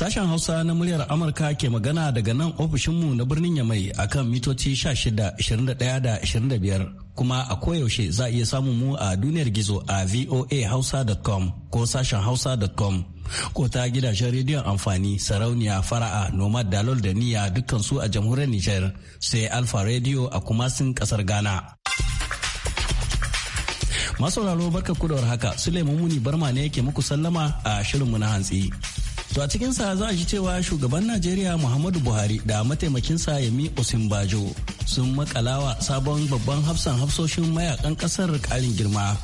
Sashen Hausa na muryar Amurka ke magana daga nan ofishinmu na birnin Yamai akan mitoci 16, 21 da 25 kuma a koyaushe za a iya samun mu a duniyar gizo a voahausa.com ko sashen hausa.com ko ta gidajen rediyon amfani sarauniya fara'a nomad dalol da niyya dukkansu a jamhuriyar Nijar sai alfa radio a kumasin kasar Ghana. Masu raro barka kudawar haka Suleiman Muni Barma ne yake muku sallama a shirinmu na hantsi. To a cikin sa za a ji cewa shugaban Najeriya Muhammadu Buhari da mataimakinsa Yemi Osinbajo sun makalawa sabon babban hafsan hafsoshin mayakan kasar karin girma.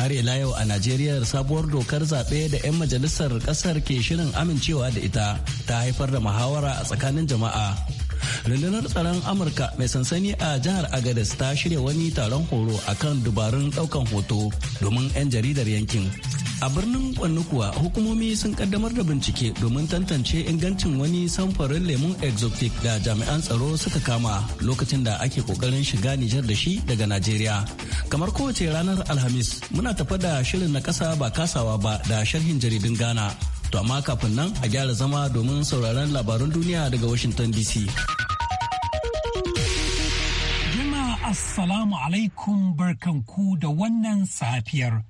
Har ila yau a Najeriya sabuwar dokar zaɓe da 'yan majalisar ƙasar ke shirin amincewa da ita ta haifar da muhawara a tsakanin jama'a. rundunar tsaron amurka mai sansani a jihar agadez ta shirya wani taron horo akan dubarun ɗaukan hoto domin 'yan jaridar yankin a birnin kwanni kuwa hukumomi sun kaddamar da bincike domin tantance ingancin wani samfurin lemun exotic da jami'an tsaro suka kama lokacin da ake kokarin shiga nijar da shi daga najeriya kamar kowace ranar alhamis muna tafa da shirin na kasa ba kasawa ba da sharhin jaridun ghana to amma kafin nan a gyara zama domin sauraron labarun duniya daga washington dc Assalamu alaikum barkanku da wannan safiyar.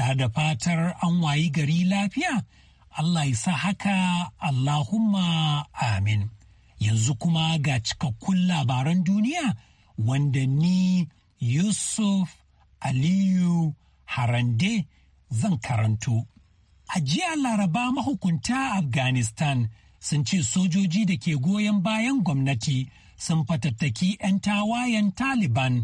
ta da fatar an wayi gari lafiya Allah ya sa haka Allahumma amin. Yanzu kuma ga cikakkun labaran duniya wanda ni Yusuf Aliyu Harande zan karanto. A jiya laraba mahukunta Afghanistan sun ce sojoji da ke goyon bayan gwamnati sun fatattaki 'yan tawayen Taliban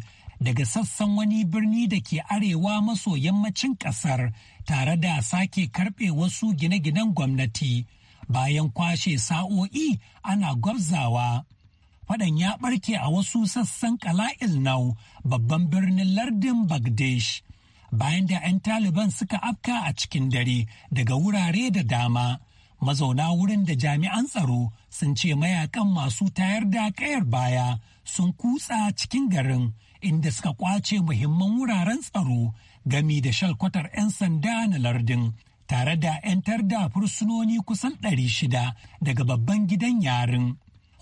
daga sassan wani birni da ke arewa maso yammacin kasar tare da sake karbe wasu gine-ginen gwamnati bayan kwashe sa'o'i ana gwabzawa. Fadan ya barke a wasu sassan Kala'il Nau babban birnin lardin Bagdesh bayan da 'yan Taliban suka afka a cikin dare daga wurare da dama. mazauna wurin da jami'an tsaro sun ce mayakan masu tayar da kayar baya sun kutsa cikin garin inda suka kwace muhimman wuraren tsaro gami da shalkwatar 'yan sanda na lardin tare da 'yantar da fursunoni kusan 600 daga babban gidan yarin.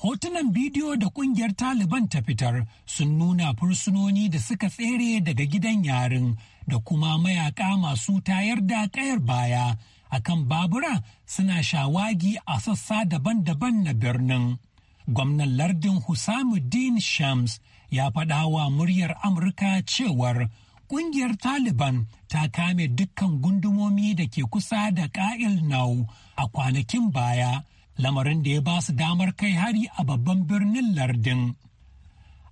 Hotunan bidiyo da kungiyar Taliban ta fitar sun nuna fursunoni da suka tsere daga gidan yarin da kuma mayaka masu tayar da kayar baya akan babura suna shawagi a sassa daban-daban na birnin. Gwamnan lardin Husamuddin Shams ya faɗa wa muryar Amurka cewar ƙungiyar Taliban ta kame dukkan gundumomi da ke kusa da ƙa'il nau a kwanakin baya, lamarin da ya ba su damar kai hari a babban birnin lardin.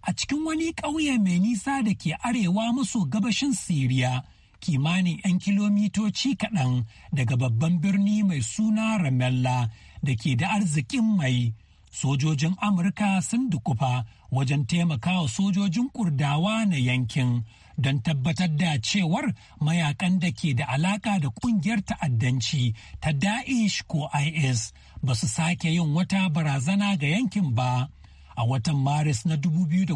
A cikin wani ƙauye mai nisa da ke arewa maso gabashin Siriya, kimanin 'yan kilomitoci kaɗan daga babban birni mai suna Ramella da ke da arzikin mai. Sojojin Amurka sun dukufa wajen taimakawa sojojin kurdawa na yankin don tabbatar da cewar mayakan da ke da alaka da kungiyar ta'addanci ta Daesh ko IS ba su sake yin wata barazana ga yankin ba. A watan Maris na 2019,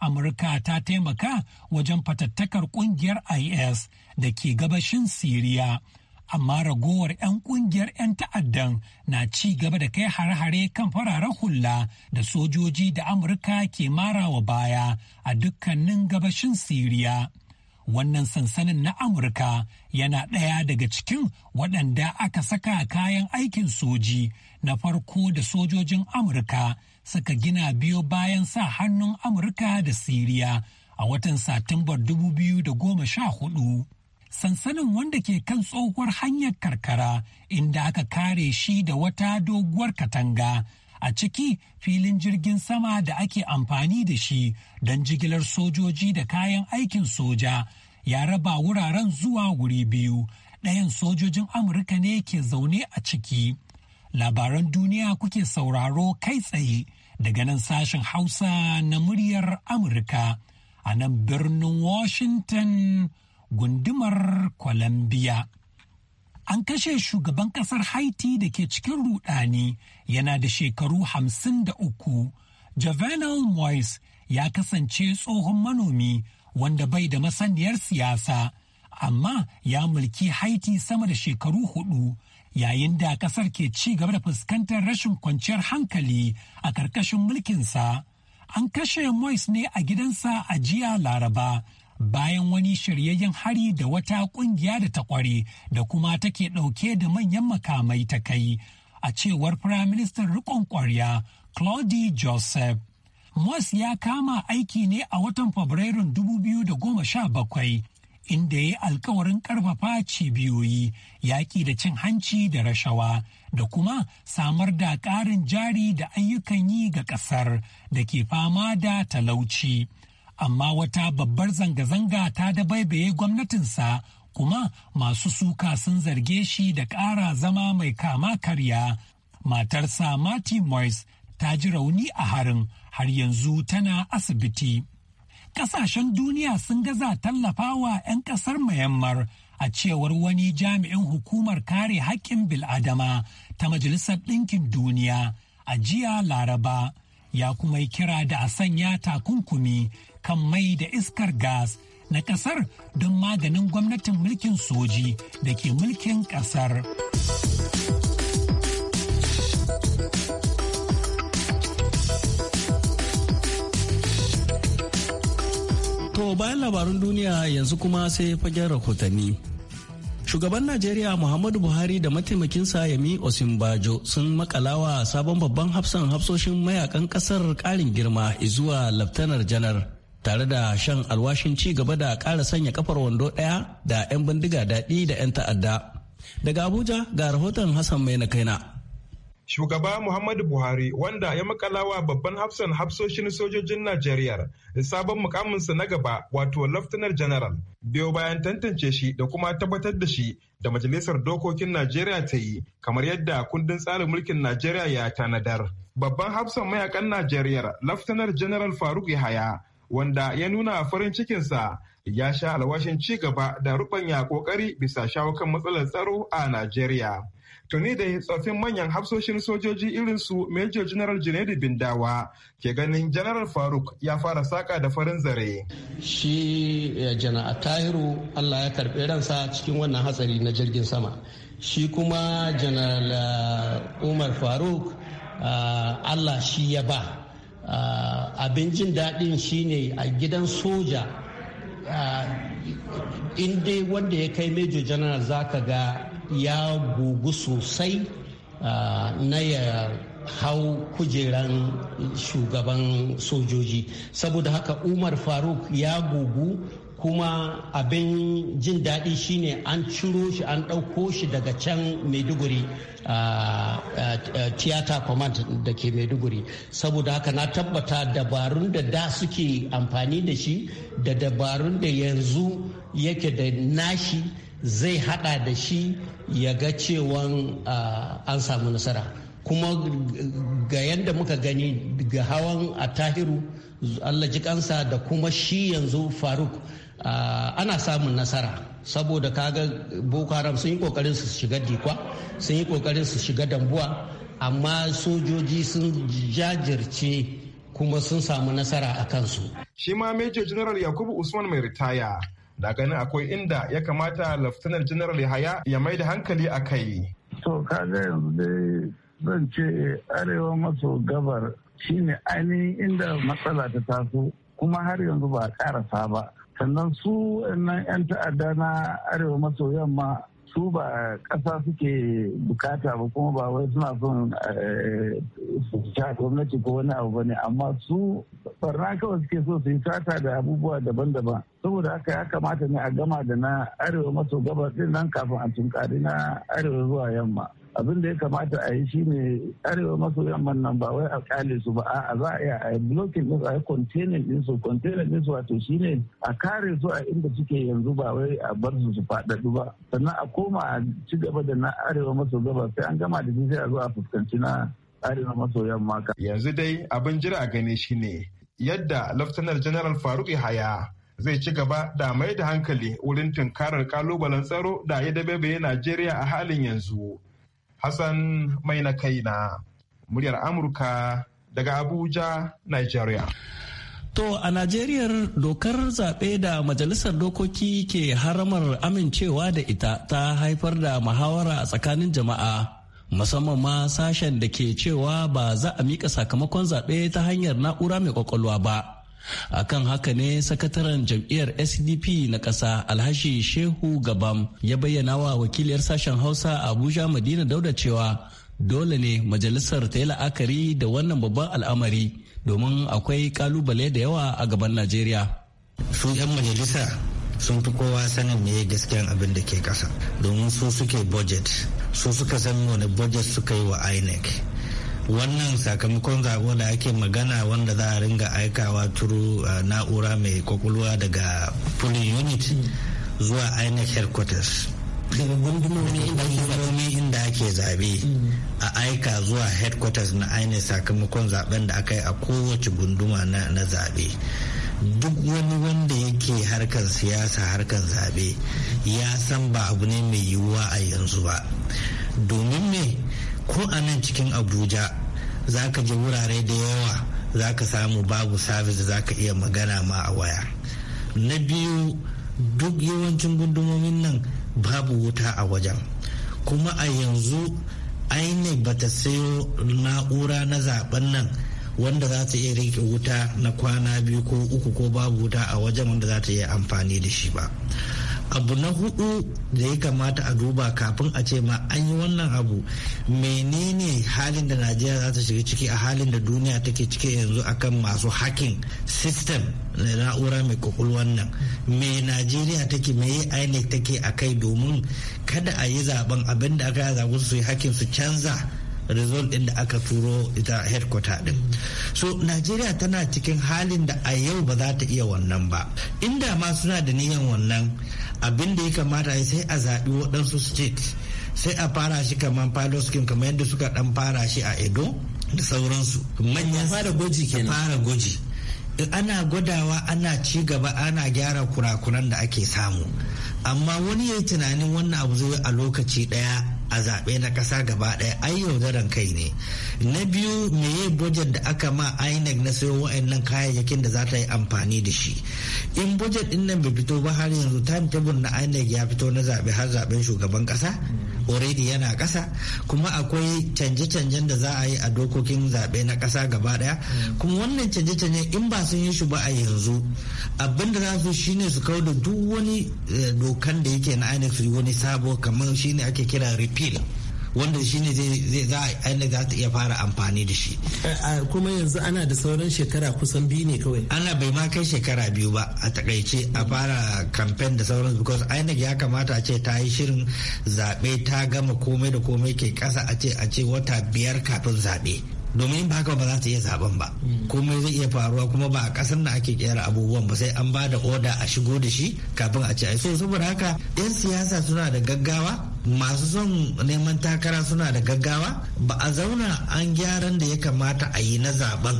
Amurka ta taimaka wajen fatattakar kungiyar IS da ke gabashin Siriya. amma ragowar 'yan kungiyar 'yan ta'addan na ci gaba da kai hare-hare kan fararen hula da sojoji da amurka ke mara wa baya a dukkanin gabashin siriya wannan sansanin na amurka yana ɗaya daga cikin waɗanda aka saka kayan aikin soji na farko da sojojin amurka suka gina biyo bayan sa hannun amurka da siriya a watan satumbar 2014 sansanin wanda ke kan tsohuwar hanyar karkara inda aka kare shi da wata doguwar katanga a ciki filin jirgin sama da ake amfani da shi don jigilar sojoji da kayan aikin soja ya raba wuraren zuwa wuri biyu ɗayan sojojin amurka ne ke zaune a ciki labaran duniya kuke sauraro kai tsaye daga nan sashen hausa na muryar amurka a nan birnin washington gundumar kolambiya An kashe shugaban kasar Haiti da ke cikin rudani yana da shekaru hamsin da uku. Jovenel Moise ya kasance tsohon manomi wanda bai da masaniyar siyasa, amma ya mulki Haiti sama da shekaru hudu. yayin da kasar ke ci gaba da fuskantar rashin kwanciyar hankali a karkashin mulkinsa. An kashe Moise ne a gidansa a jiya Laraba bayan wani shiryayyen hari da wata kungiya da ta kware da kuma take ɗauke da manyan makamai ta kai a cewar firaministan rikon kwarya claudie joseph moss ya kama aiki ne a watan fabrairun 2017 inda ya yi alkawarin karfafa cibiyoyi yaƙi da cin hanci da rashawa da kuma samar da ƙarin jari da ayyukan yi ga ƙasar da ke fama da talauci. amma wata babbar zanga-zanga ta dabaibaye gwamnatinsa kuma masu suka sun zarge shi da ƙara zama mai kama karya. Matarsa Marty Moyes ta ji rauni a harin har yanzu tana asibiti. Ƙasashen duniya sun gaza tallafawa 'yan ƙasar Myanmar a cewar wani jami'in hukumar kare haƙƙin bil'adama ta Majalisar Ɗinkin Duniya a jiya Laraba ya kuma yi kira da a sanya takunkumi kan mai da iskar gas na kasar don maganin gwamnatin mulkin soji da ke mulkin kasar. To bayan labarun duniya yanzu kuma sai fagen rahotanni. Shugaban Najeriya Muhammadu Buhari da mataimakinsa Yemi Osinbajo sun makalawa sabon babban hafsan hafsoshin mayakan kasar ƙarin girma zuwa Laftanar Janar tare da shan alwashin ci gaba da ƙara sanya kafar wando ɗaya da 'yan bindiga daɗi da 'yan ta'adda. Daga Abuja ga rahoton Hassan Mai na kaina. Shugaba Muhammadu Buhari wanda ya makalawa babban hafsan hafsoshin sojojin Najeriya da sabon mukaminsa na gaba wato Laftanar General biyo bayan tantance shi da kuma tabbatar da shi da Majalisar Dokokin Najeriya ta yi kamar yadda kundin tsarin mulkin Najeriya ya tanadar. Babban hafsan mayakan Najeriya Laftanar General Faruk Yahaya wanda ya nuna farin cikinsa ya sha alwashin ci gaba da rubanya kokari bisa shawo kan matsalar tsaro a Najeriya. Tuni da tsoffin manyan hafsoshin sojoji irin su Major General Junaidu Bindawa ke ganin General Faruk ya fara saka da farin zare. Shi eh, a Tahiru Allah ya karɓi ransa cikin wannan hatsari na jirgin sama. Shi kuma General eh, Umar Faruk eh, Allah shi ya ba. Ah, abin jin daɗin shine a gidan soja ah, in dai wanda ya kai major general zaka ga ya gugu sosai ah, na ya hau kujeran shugaban sojoji saboda haka umar faruk ya gugu kuma abin jin daɗi shine an ciro shi an ɗauko shi daga can maiduguri tiyata command da ke maiduguri saboda haka na tabbata dabarun da da suke amfani da shi da dabarun da yanzu yake da nashi zai hada da shi ya ga cewan an samu nasara kuma ga yadda muka gani ga hawan a Tahiru allah jikansa da kuma shi yanzu faruk ana samun nasara saboda kaga boko haram sun yi kokarin su shiga dikwa sun yi kokarin su shiga dambuwa amma sojoji sun jajirce kuma sun samu nasara a kansu shi ma major general yakubu usman mai ritaya da ganin akwai inda ya kamata laftanar general yahaya ya mai da hankali a kai kaga yanzu dai zan ce eh, arewa maso gabar shine ainihin inda matsala ta taso kuma har yanzu ba a karasa ba sannan su nan 'yan ta'adda na arewa maso yamma su ba ƙasa suke bukata ba kuma ba wai suna son ta eh, gwamnati ko wani abu bane amma su barna kawai suke so su yi sata da abubuwa daban-daban saboda haka ya kamata ne a gama da na arewa maso gabas din nan kafin a tunkari na arewa zuwa yamma abin da ya kamata a yi shine arewa maso yamman nan ba wai a su ba a za a yi a blocking din a yi containing din su containing din su wato shine a kare su a inda suke yanzu ba wai a bar su su faɗaɗu ba sannan a koma a ci gaba da na arewa maso gaba sai an gama da sai a zo a fuskanci na arewa maso yamma yanzu dai abin jira a gani shine yadda laftanar general faruk yahaya zai ci gaba da mai da hankali wurin tunkarar kalubalen tsaro da ya dabe najeriya a halin yanzu Hassan mai na kai na, muryar Amurka daga Abuja, Nigeria. To a Najeriya dokar zaɓe da Majalisar Dokoki ke haramar amincewa da ita ta haifar da muhawara a tsakanin jama'a. Musamman ma sashen da ke cewa ba za a miƙa sakamakon zaɓe ta hanyar na'ura mai ƙwaƙwalwa ba. akan haka ne sakataren jam'iyyar sdp na ƙasa alhashi shehu gabam ya bayyana wa wakiliyar sashen hausa abuja madina dauda cewa dole ne majalisar ta yi la'akari da wannan babban al'amari domin akwai kalubale da yawa a gaban najeriya su 'yan majalisa sun fi kowa sanin me gaskiyan abin da ke ƙasa domin su suke budget su suka san wani budget suka yi wa inec wannan sakamakon zaɓo da ake magana wanda za a ringa aikawa turu uh, na'ura mai kwakwalwa daga polling unit zuwa inec headquarters gundumomi inda ake zabe a aika zuwa headquarters na ainihin sakamakon zaben da aka yi a kowace gunduma na zabe duk wani wanda yake harkar siyasa harkar zabe ya san ba abu ne mai yiwuwa a yanzu ba domin me ko a nan cikin abuja za ka je wurare da yawa za ka samu babu sabis da za ka iya magana ma a waya na biyu duk yawancin gundumomin nan babu wuta a wajen kuma a yanzu inec bata sayo na'ura na zaben nan wanda za ta iya rike wuta na kwana biyu ko uku ko babu wuta a wajen wanda za ta iya amfani da shi ba abu na hudu da ya kamata a duba kafin a ce ma an yi wannan abu menene halin da najeriya za ta shiga ciki a halin da duniya take ciki yanzu akan masu hakin system na na'ura mai kwakwalwan nan me najeriya take me inec take a kai domin kada a yi zaben abinda da aka zaɓi su yi hakin su canza result din da aka turo ita headquarter din so najeriya tana cikin halin da a yau ba za ta iya wannan ba inda ma suna da niyan wannan abin da ya kamata sai a zaɓi waɗansu state sai a fara shi kamar pilot scheme kamar yadda suka ɗan fara shi a edo da sauransu manyan fara gwaji kenan fara gwaji ana gwadawa ana ci gaba ana gyara kurakuran da ake samu amma wani ya yi tunanin wannan abu zai a lokaci ɗaya a zaɓe na ƙasa gaba ɗaya ai yaudaran kai ne na biyu meye budget da aka ma inec na sayo wa'annan kayayyakin da za ta yi amfani da shi in budget din nan bai fito ba har yanzu timetable na inec ya fito na zaɓe har zaɓen shugaban ƙasa already yana kasa kuma akwai canje-canjen da za a yi a dokokin zaɓe na ƙasa gaba ɗaya kuma wannan canje-canjen in ba sun yi shi ba a yanzu abin da za su shine su kawo da duk wani eh, dokan da yake na inec wani sabo kamar shine ake kira repeal wanda shi ne zai za a za ta iya fara amfani da shi kuma yanzu ana da sauran shekara kusan biyu ne kawai ana bai ma kai shekara biyu ba a takaice a fara kamfen da sauran because INEC ya kamata a ce ta yi shirin zaɓe ta gama komai da komai ke ƙasa a ce a ce wata biyar kafin zaɓe domin ba haka ba za ta iya zaben ba mm. komai zai iya faruwa kuma ba a kasar da ake kera abubuwan ba sai an ba da oda a shigo da shi kafin a ci so saboda haka yan siyasa suna da gaggawa masu son neman takara suna da gaggawa ba a zauna an gyaran da ya kamata a yi na zaben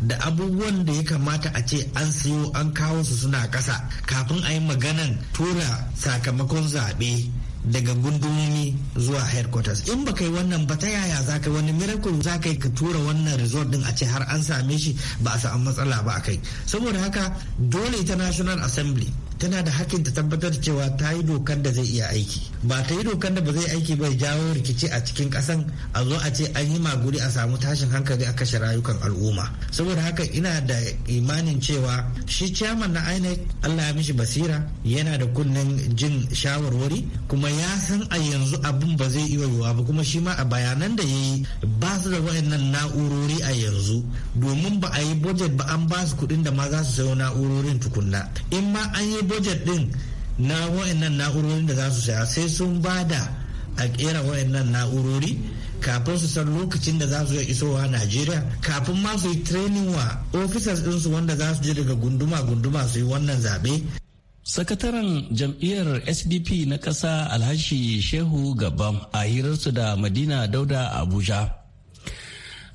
da abubuwan da ya kamata a ce an siyo an kawo su suna kasa kafin a yi maganan tura sakamakon zaɓe daga gundumomi zuwa headquarters in baka yi wannan ba ta yaya za ka wani miracle za ka yi ka tura wannan resort din a ce har an same shi ba a samu matsala ba a kai saboda haka dole ita national assembly tana da hakkin ta tabbatar cewa ta yi dokar da zai iya aiki ba ta yi dokan da ba zai aiki bai jawo rikici a cikin kasan a zo a ce an yi maguri a samu tashin hankali a kashe rayukan al'umma saboda haka ina da imanin cewa shi ciyaman na inec allah ya mishi basira yana da kunnen jin shawarwari kuma ya san a yanzu abin ba zai iya yiwuwa ba kuma shi ma a bayanan da ya yi ba su da wayannan na'urori a yanzu domin ba a yi budget ba an ba su kuɗin da ma za su sayo na'urorin tukunna in ma an yi budget ɗin. na wayannan na'urorin da za su saya sai sun ba da a kera na'urori kafin su san lokacin da za su iya isowa Najeriya kafin ma su yi training wa officers ɗinsu wanda za su je daga gunduma-gunduma su yi wannan zaɓe. Sakataren jam'iyyar SDP na ƙasa Alhashi Shehu Gabam a hirarsu da Madina Dauda Abuja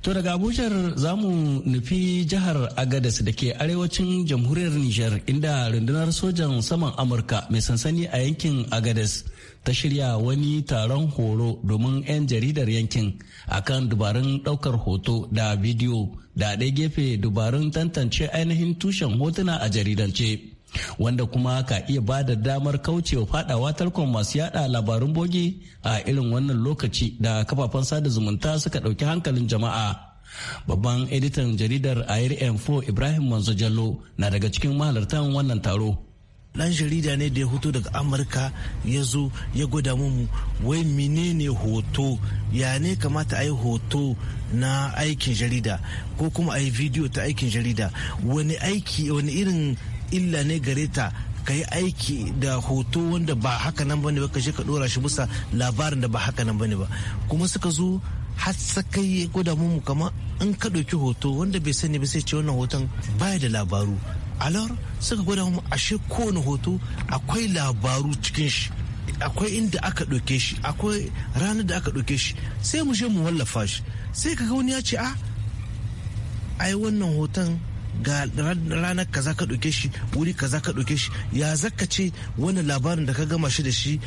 To daga Abujar zamu nufi jihar Agadas da ke arewacin jamhuriyar Nijar inda rundunar sojan saman Amurka mai sansani a yankin Agadas ta shirya wani taron horo domin 'yan jaridar yankin akan dubarun daukar hoto da bidiyo da ɗaya gefe dubarun tantance ainihin tushen hotuna a jaridance. wanda kuma ka iya ba da damar kaucewa fadawa tarkon masu yada labarun bogi a irin wannan lokaci da kafafen sada zumunta suka dauki hankalin jama'a babban editan jaridar air m4 ibrahim manzo jallo na daga cikin mahalartan wannan taro dan jarida ne da ya hoto daga amurka ya zo ya gwada mu wai menene hoto ya ne kamata a yi hoto na aikin jarida ko kuma a yi bidiyo ta aikin jarida wani aiki wani irin illa ne gare ta ka yi aiki da hoto wanda ba haka nan bane ba ka ka dora shi bisa labarin da ba haka nan bane ba kuma suka zo har sakai ya gwada mu kama an ka ɗauki hoto wanda bai sani ba sai ce wannan hoton baya da labaru alor suka gwada mu ashe kowane hoto akwai labaru cikin shi akwai inda aka ɗauke shi akwai ranar da aka ɗauke shi sai mu je mu wallafa shi sai kaga wani ya ce a ah, ai wannan hoton ga ranar kaza ka ɗauke shi wuri kaza ka ɗauke shi ya zaka ce wani labarin da ka gama shi da shi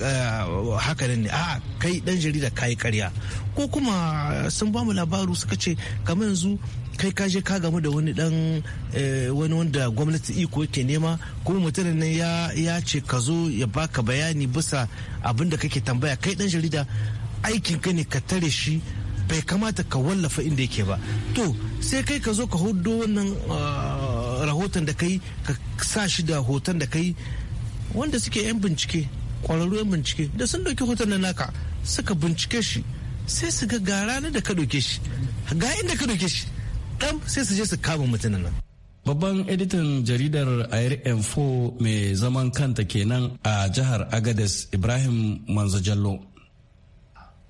eh, haka ne a kai dan jarida kayi karya ko kuma sun ba mu labaru suka ce kamar yanzu kai ka je ka gamu da wani dan eh, wani wanda gwamnati iko yake nema kuma mutumin nan ya ce ka zo ya baka bayani bisa abin da kake tambaya kai dan jarida aikin ka ne ka tare shi bai kamata ka wallafa inda yake ba to sai kai ka zo ka hudu wannan ah, rahoton da kai ka sa shi da hoton da kai wanda suke 'yan bincike kwararru 'yan bincike da sun doki hoton na naka suka bincike shi sai su ga ga ranar da ka doke shi ga inda ka doke shi ɗan sai su je su kama mutumin nan Babban editan jaridar Air Info mai zaman kanta kenan a jihar Agadez Ibrahim manzajallo.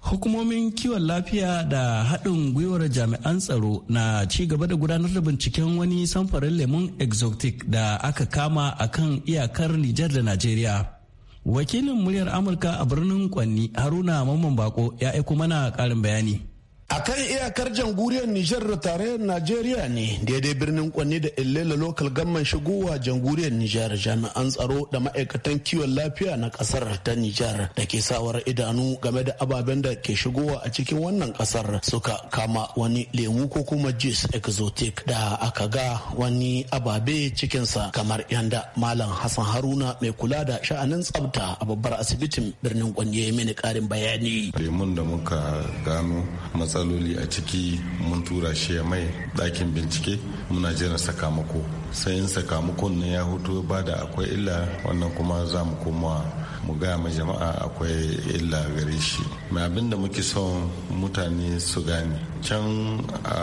Hukumomin kiwon lafiya da haɗin gwiwar jami'an tsaro na ci gaba da gudanar da binciken wani samfarin lemon exotic da aka kama a kan iyakar Nijar da Najeriya. Wakilin muryar Amurka a birnin Kwanni Haruna Mamman Bako ya aiko mana ƙarin bayani. a kan iyakar jamhuriyar nijar da tarayyar najeriya ne daidai birnin kwanne da illela lokal gamman shigowa jamhuriyar nijar jami'an tsaro da ma'aikatan kiwon lafiya na kasar ta nijar da ke sawar idanu game da ababen da ke shigowa a cikin wannan kasar suka kama wani lemu ko kuma juice exotic da aka ga wani ababe cikinsa kamar yanda malam hassan haruna mai kula da sha'anin tsabta a babbar asibitin birnin kwanne mini karin bayani lemun da muka matsaloli a ciki mun tura shi ya mai ɗakin bincike muna jiran sakamako sai sakamakon nan ya hoto ba da akwai illa wannan kuma za mu koma mu gaya ma jama'a akwai illa gare shi mai abin da muke son mutane su gane can a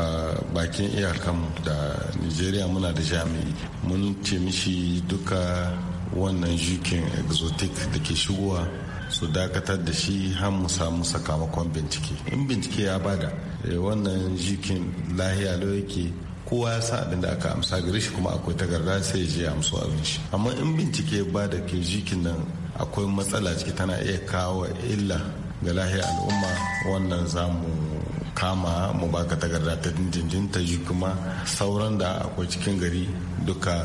bakin iyakanmu da nigeria muna da jami'i mun ce mishi duka wannan jikin exotic da ke shigowa su dakatar da shi har mu samu sakamakon bincike in bincike ya bada eh, wannan jikin lahiya yake kowa ya sa abin da aka amsa gare shi kuma akwai takarda sai je amsu abin shi amma in bincike ya bada ke jikin nan akwai matsala ciki tana iya kawo illa ga lahiyar al'umma wannan zamu kama mu baka takarda ta dindindin ta ji kuma sauran da akwai cikin gari duka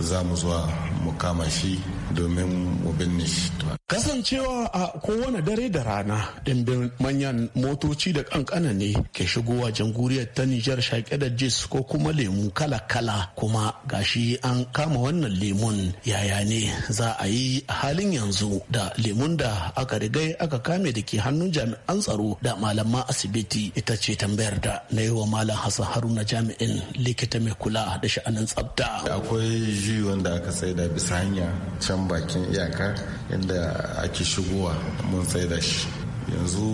za mu zuwa mu kama shi domin mu binne shi to Kasancewa a kowane dare da rana ɗimbin manyan motoci da kankana ne ke shigowa janguriyar ta Nijar shaƙe da jis ko kuma lemu kala-kala kuma gashi an kama wannan lemun yaya ne za a yi halin yanzu da lemun da aka riga aka kame da ke hannun jami'an tsaro da malama asibiti ita ce tambayar da na yi wa malam Hassan Haruna jami'in likita mai kula da sha'anin tsabta Akwai juyi wanda aka saida bisa hanya can bakin iyaka inda ake shigowa mun saida shi yanzu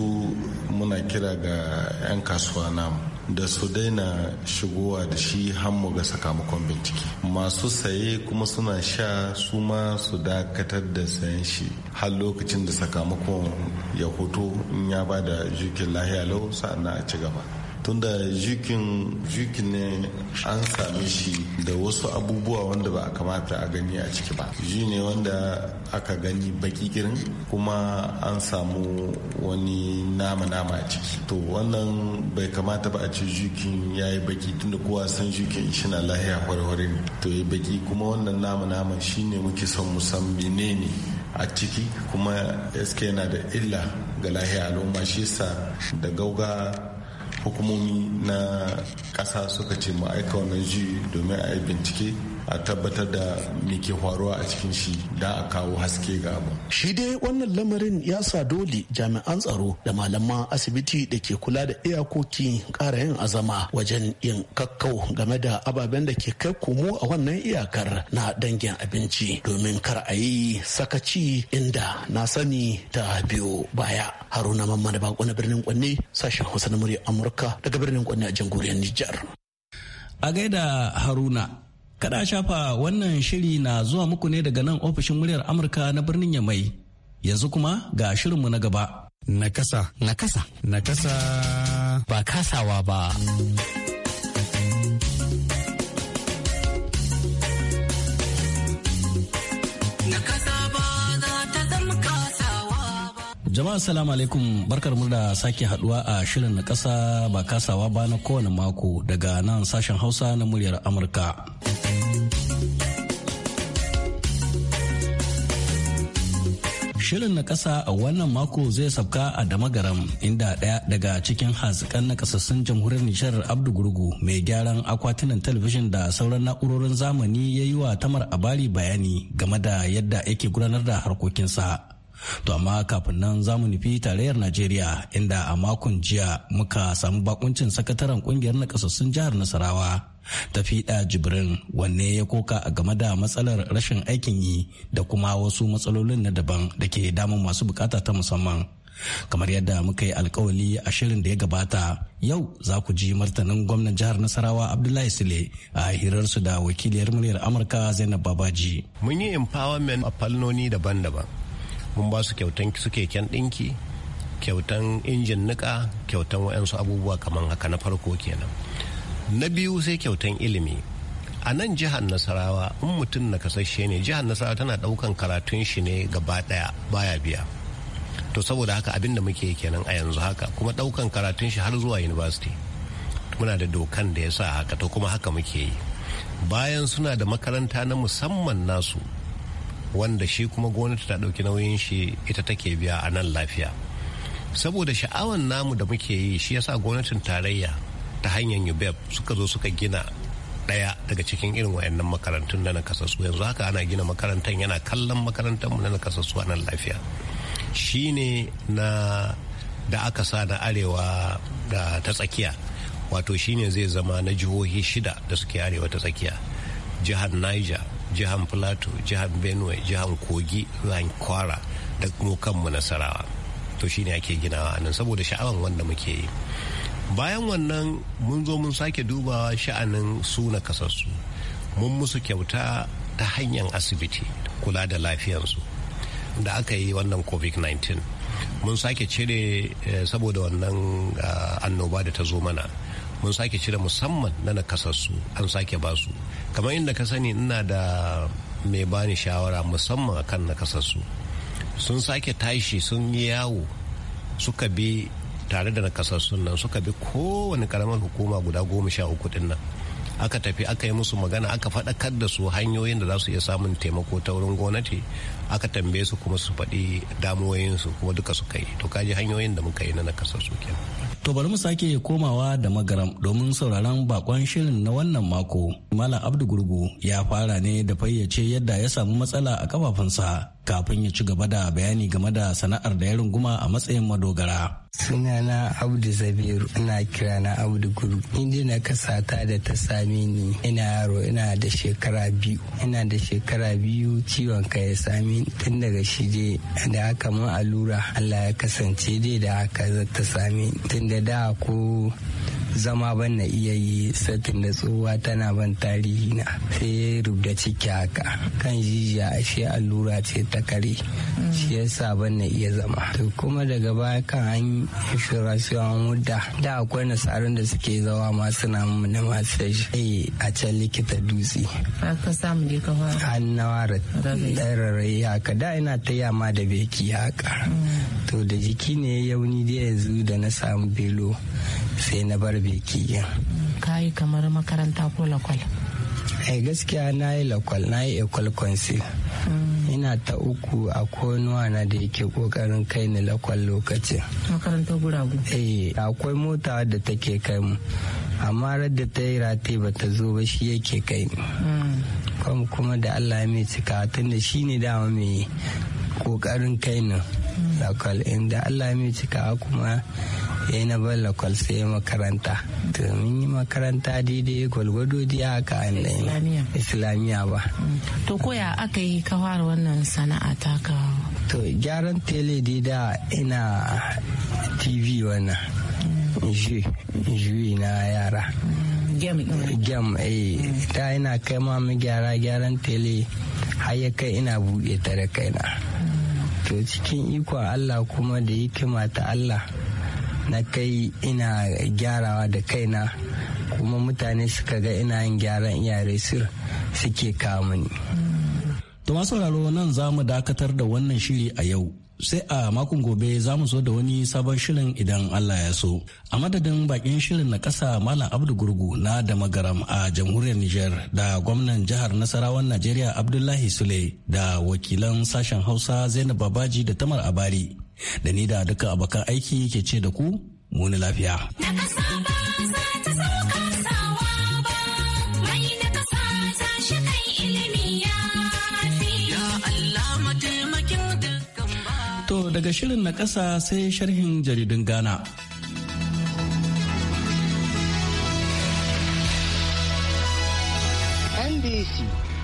muna kira ga 'yan kasuwa namu da su daina shigowa da shi mu ga sakamakon bincike masu saye kuma suna sha su ma su dakatar da sayan shi har lokacin da sakamakon ya hoto in ya ba da jikin lahiya lau sa'an a ci gaba tunda jikin jikin ne an sami shi da wasu abubuwa wanda ba a kamata a gani a ciki ba ji ne wanda aka gani baki girin kuma an samu wani nama nama a ciki to wannan bai kamata ba a ci jikin ya yi baki tunda kowa san jikin na lahiya hwarhwari ne to ya baki kuma wannan nama nama shine muke son mu san menene a ciki kuma sk yana da illa ga lahiya al'umma shi yasa da gauga hukumomi na kasa suka ce mu aika wannan ji domin a yi bincike a tabbatar da me ke faruwa a cikin shi da a kawo haske ga abu. Shi dai wannan lamarin ya sa dole jami'an tsaro da malaman asibiti da ke kula da iyakoki kara yin azama wajen yin kakkau game da ababen da ke kai komo a wannan iyakar na dangin abinci domin kar a yi sakaci inda na sani ta biyo baya. Haruna Mamman da bako na birnin Kwanne sashen Hausa na murya Amurka daga birnin Kwanne a jamhuriyar Nijar. A gaida Haruna Kada shafa wannan shiri na zuwa muku ne daga nan ofishin muryar Amurka na birnin Yamai. Yanzu kuma ga shirinmu na gaba. Nakasa. Nakasa. Nakasa. Ba kasawa ba. jama'a salamu alaikum barkar mu da sake haduwa a shirin na kasa ba kasawa ba na kowane mako daga nan sashen hausa na muryar amurka Shirin na ƙasa a wannan mako zai sabka a Damagaram inda ɗaya daga cikin hazikan na ƙasassun jamhuriyar Nishar Abdu Gurgu mai gyaran akwatunan talabijin da sauran na'urorin zamani ya yi wa Tamar Abari bayani game da yadda yake gudanar da harkokinsa. To amma kafin nan za mu nufi tarayyar Najeriya inda a makon jiya muka samu bakuncin sakataren kungiyar nakasassun jihar Nasarawa ta fiɗa jibrin wanne ya koka a game da matsalar rashin aikin yi da kuma wasu matsalolin na daban da ke damun masu bukata ta musamman kamar yadda muka yi alkawali a shirin da ya gabata yau za ku ji martanin gwamnan jihar nasarawa abdullahi sule a hirarsu da wakiliyar muryar amurka zainab babaji mun yi empowerment a fannoni daban-daban mun ba su kyautan suke keken ɗinki kyautan injin nika kyautan wayansu abubuwa kamar haka na farko kenan na biyu sai kyautan ilimi a nan jihar nasarawa in mutum na kasashe ne jihar nasarawa tana ɗaukan karatun shi ne gaba ɗaya baya biya to saboda haka abinda muke kenan a yanzu haka kuma ɗaukan karatun shi har zuwa university muna da dokan da ya sa haka to kuma haka muke yi bayan suna da makaranta na musamman nasu wanda shi kuma gwamnati ta ɗauki nauyin shi ita take biya a nan lafiya saboda sha'awan namu da muke yi shi yasa gwamnatin tarayya ta hanyar ubeb e suka zo suka gina ɗaya daga cikin irin wayannan makarantun na nakasassu yanzu haka ana gina makarantar yana kallon makarantar mu na nakasassu a nan lafiya Shi ne na da aka sa na arewa da ta tsakiya wato shi ne zai zama na jihohi shida da suke arewa ta tsakiya jihar niger Jihan plateau jihan benue jihan kogi jihar kwara da mu nasarawa to shine ake ginawa nan saboda sha'awan wanda muke yi bayan wannan mun zo mun sake dubawa sha'anin suna kasarsu. mun musu kyauta ta hanyar asibiti kula da lafiyansu da aka yi wannan covid-19 mun sake cire eh, saboda wannan ah, annoba da ta zo mana mun sake cire musamman na nakasassu an sake basu kamar inda ka sani ina da mai bani shawara musamman akan nakasassu sun sake tashi sun yi yawo suka bi tare da nakasassun nan suka bi kowane karamar hukuma guda goma sha uku din aka tafi aka yi musu magana aka faɗakar da su hanyoyin da za su iya samun taimako ta wurin gwamnati aka tambaye su kuma su faɗi damuwoyinsu kuma duka su kai to kaji hanyoyin da muka yi na nakasar su kenan. to bari mu sake komawa da magaram domin sauraron bakon shirin na wannan mako malam abdu gurgu ya fara ne da fayyace yadda ya samu matsala a kafafunsa kafin ya ci gaba da bayani game da sana'ar da ya runguma a matsayin madogara. suna sunana abdu zabiru ina kira na abdu guru inda na kasata da ta same ni ina yaro ina da shekara biyu ina da shekara biyu ciwon ka ya same tun daga shi dai da aka mun allura allah ya kasance dai da aka ta same tun da da ko zama ban na iya yi satin da tsohuwa tana ban tarihi na sai ya rubda ciki haka kan jijiya a shi allura ce ta kare shi sa ban na iya zama to kuma daga baya kan an insurasiyon mudda da akwai nasarar da suke zawa masu na mu na masu a can likita dutse haka samu ne kafa hannawa da rarrai haka da ina ta yama da beki haka mm. to da jiki ne yauni da yanzu da na samu belo sai na bar beki ka yi kamar makaranta ko lakwal ai eh, gaskiya na yi lakwal na yi ekwal kwansi mm. ina ta uku a konuwa na da yake kokarin kai ni lakwal lokacin makaranta guragu eh akwai mota da take kai mu amma radda ta yi rate ba ta zo ba shi yake kai ni mm. kuma da allah mai cika tun da shi ne dama mai kokarin kai ni lakwal inda allah mai cika kuma ya yi na bar lakwal sai makaranta to mun yi makaranta daidai gwalgwado dai haka an islamiyya ba mm. to koya aka yi ka fara wannan sana'a ta ka to gyaran tele da ina tv wannan mm. juyi na yara mm. gem eh ta ina kai ma mu gyara gyaran tele har kai ina buɗe ta da kaina to cikin ikon allah kuma da hikima ta allah na kai ina gyarawa da kaina kuma mutane suka ga ina yin gyaran iyare sir suke kamuni. mani. To nan za mu dakatar da wannan shiri a yau sai a makon gobe za mu zo da wani sabon shirin idan Allah ya so. A madadin bakin shirin na ƙasa Malam Abdu Gurgu na Damagaram a jamhuriyar Nijar da gwamnan jihar Nasarawan Najeriya Abdullahi Sule da wakilan sashen Hausa Zainab Babaji da Tamar Abari. Da ni da duka abokan aiki ke ce da ku muni lafiya. Na daga shirin na ƙasa sai sharhin jaridun Ghana.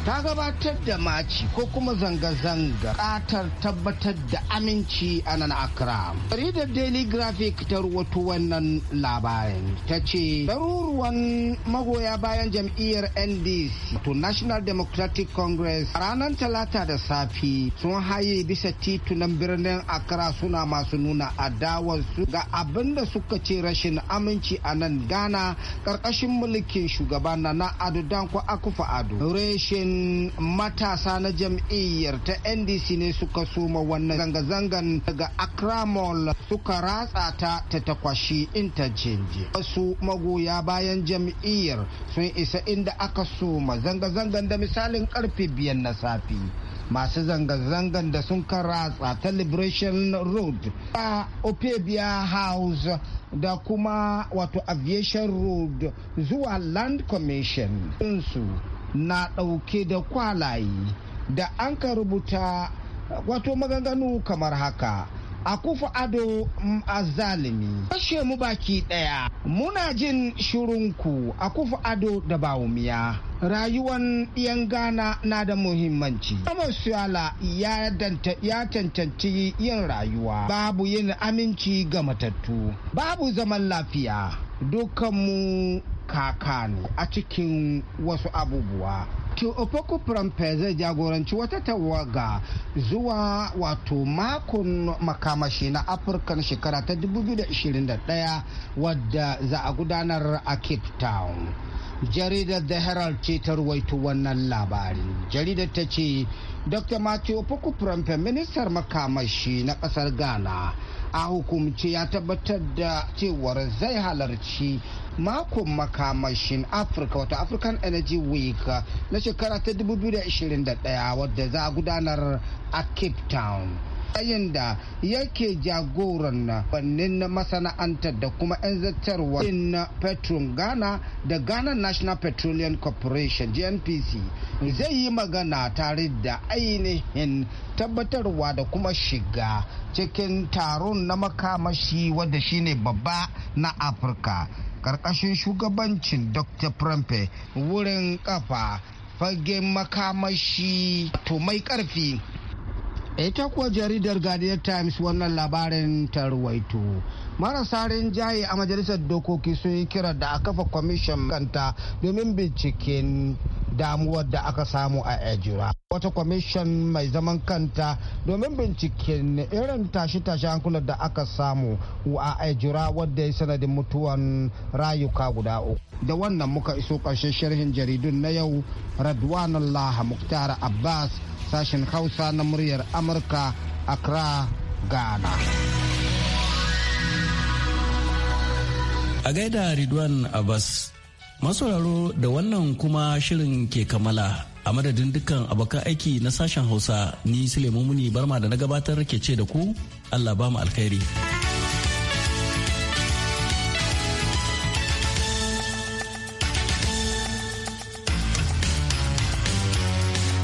ta gabatar da maci ko kuma zanga-zanga katar tabbatar da aminci a nan akra Jaridar Daily Graphic ta ruwato wannan labarin ta ce ɗaruruwan magoya bayan jam'iyyar NDC to National Democratic Congress a ranar Talata da safi sun haye bisa titunan birnin Accra suna masu nuna adawarsu ga abin da suka ce rashin aminci a nan Ghana ƙarƙashin mulkin shugaba na Ado Akufa Ado. reshin matasa na jam'iyyar ta ndc ne suka suma wannan zanga-zangan daga akramol suka ratsa ta ta takwashi interchange wasu magoya bayan jam'iyyar sun isa inda aka suma zanga-zangan da misalin karfe biyar na safi masu zanga-zangan da sun karatsa ta liberation road a opebia house da kuma wato aviation road zuwa land commission su na ɗauke da kwalaye da an ka rubuta wato maganganu kamar haka a kufa ado mm, zalimi kashe mu baki ɗaya muna jin shirinku a kufa ado da bawumiya rayuwan yan gana na da muhimmanci. kama Suala ya cancanci yin rayuwa, babu yin aminci ga matattu, babu zaman lafiya. Dukanmu kaka ne a cikin wasu abubuwa wato opoku prampe zai jagoranci wata tawaga zuwa wato makon makamashi na afirka na shekara ta 2021 wadda za a gudanar a cape town jaridar the herald ce ta ruwaito wannan labari jaridar ta ce dr matthew opoku prampe ministar makamashi na kasar ghana a hukumce ya tabbatar da cewar zai halarci makon makamashin afirka wato african energy week na shekara ta 2021 wadda za a gudanar a cape town yayin da yake jagoran bannin masana'antar da kuma 'yan zartarwa in petron ghana da ghana national petroleum corporation gnpc zai yi magana tare da ainihin tabbatarwa da kuma shiga cikin taron na makamashi wadda shine babba na afirka karkashin shugabancin dr prempe wurin kafa Fage makamashi to mai karfi ita kuwa jaridar guardian times wannan labarin ta ruwaito marasa rinjaye a majalisar dokoki sun yi kira da a kafa kwamishin kanta domin binciken damuwar da aka samu a ejira wata kwamishin mai zaman kanta domin binciken irin tashe-tashe hankulan da aka samu a ejira wadda ya sanadin mutuwan rayuka guda uku da wannan muka iso ƙarshen sharhin jaridun na yau radwan allah muktar abbas sashen hausa na muryar amurka accra ghana a gaida ridwan abbas masauraro da wannan kuma shirin ke kamala a madadin dukkan abokan aiki na sashen hausa ni suleiman muni barma da na gabatar ke ce da ku allah ba mu alkhairi